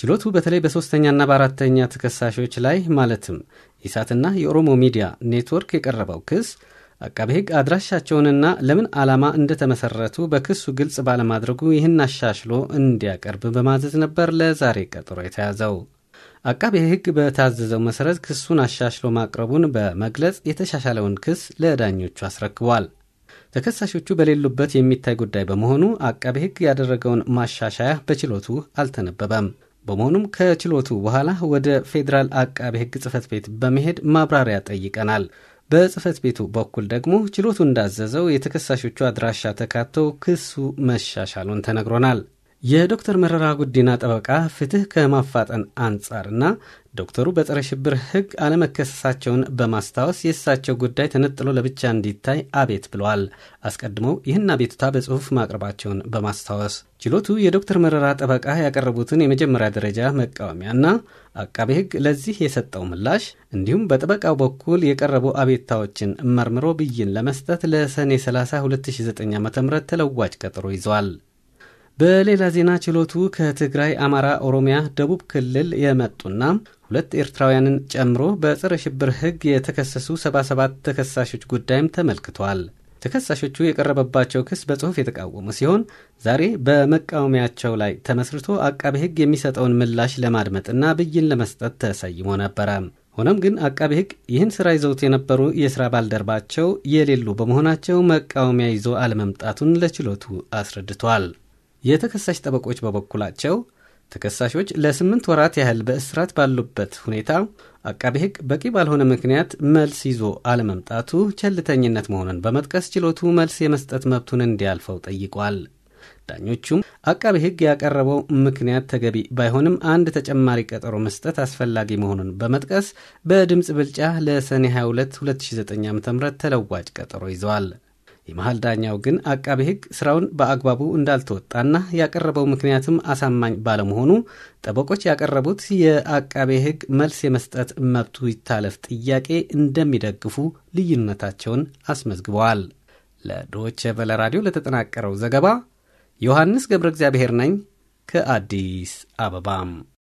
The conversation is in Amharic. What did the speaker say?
ችሎቱ በተለይ በሦስተኛና በአራተኛ ተከሳሾች ላይ ማለትም ኢሳትና የኦሮሞ ሚዲያ ኔትወርክ የቀረበው ክስ አቃቤ ሕግ አድራሻቸውንና ለምን ዓላማ እንደተመሰረቱ በክሱ ግልጽ ባለማድረጉ ይህን አሻሽሎ እንዲያቀርብ በማዘዝ ነበር ለዛሬ ቀጠሮ የተያዘው። አቃቤ ሕግ በታዘዘው መሠረት ክሱን አሻሽሎ ማቅረቡን በመግለጽ የተሻሻለውን ክስ ለዳኞቹ አስረክቧል። ተከሳሾቹ በሌሉበት የሚታይ ጉዳይ በመሆኑ አቃቤ ሕግ ያደረገውን ማሻሻያ በችሎቱ አልተነበበም። በመሆኑም ከችሎቱ በኋላ ወደ ፌዴራል አቃቤ ሕግ ጽህፈት ቤት በመሄድ ማብራሪያ ጠይቀናል። በጽህፈት ቤቱ በኩል ደግሞ ችሎቱ እንዳዘዘው የተከሳሾቹ አድራሻ ተካተው ክሱ መሻሻሉን ተነግሮናል። የዶክተር መረራ ጉዲና ጠበቃ ፍትህ ከማፋጠን አንጻርና ዶክተሩ በጸረ ሽብር ህግ አለመከሰሳቸውን በማስታወስ የእሳቸው ጉዳይ ተነጥሎ ለብቻ እንዲታይ አቤት ብለዋል። አስቀድመው ይህን አቤቱታ በጽሑፍ ማቅረባቸውን በማስታወስ ችሎቱ የዶክተር መረራ ጠበቃ ያቀረቡትን የመጀመሪያ ደረጃ መቃወሚያና አቃቤ ህግ ለዚህ የሰጠው ምላሽ እንዲሁም በጠበቃው በኩል የቀረቡ አቤታዎችን መርምሮ ብይን ለመስጠት ለሰኔ 30 2009 ዓ ም ተለዋጭ ቀጠሮ ይዘዋል። በሌላ ዜና ችሎቱ ከትግራይ፣ አማራ፣ ኦሮሚያ፣ ደቡብ ክልል የመጡና ሁለት ኤርትራውያንን ጨምሮ በጸረ ሽብር ሕግ የተከሰሱ 77 ተከሳሾች ጉዳይም ተመልክቷል። ተከሳሾቹ የቀረበባቸው ክስ በጽሑፍ የተቃወሙ ሲሆን ዛሬ በመቃወሚያቸው ላይ ተመስርቶ አቃቤ ሕግ የሚሰጠውን ምላሽ ለማድመጥና ብይን ለመስጠት ተሰይሞ ነበረ። ሆኖም ግን አቃቤ ሕግ ይህን ስራ ይዘውት የነበሩ የሥራ ባልደረባቸው የሌሉ በመሆናቸው መቃወሚያ ይዞ አለመምጣቱን ለችሎቱ አስረድቷል። የተከሳሽ ጠበቆች በበኩላቸው ተከሳሾች ለስምንት ወራት ያህል በእስራት ባሉበት ሁኔታ አቃቤ ሕግ በቂ ባልሆነ ምክንያት መልስ ይዞ አለመምጣቱ ቸልተኝነት መሆኑን በመጥቀስ ችሎቱ መልስ የመስጠት መብቱን እንዲያልፈው ጠይቋል። ዳኞቹም አቃቤ ሕግ ያቀረበው ምክንያት ተገቢ ባይሆንም አንድ ተጨማሪ ቀጠሮ መስጠት አስፈላጊ መሆኑን በመጥቀስ በድምፅ ብልጫ ለሰኔ 22 2009 ዓ ም ተለዋጭ ቀጠሮ ይዘዋል። የመሀል ዳኛው ግን አቃቤ ሕግ ስራውን በአግባቡ እንዳልተወጣና ያቀረበው ምክንያትም አሳማኝ ባለመሆኑ ጠበቆች ያቀረቡት የአቃቤ ሕግ መልስ የመስጠት መብቱ ይታለፍ ጥያቄ እንደሚደግፉ ልዩነታቸውን አስመዝግበዋል። ለዶቼ ቬለ ራዲዮ ለተጠናቀረው ዘገባ ዮሐንስ ገብረ እግዚአብሔር ነኝ ከአዲስ አበባም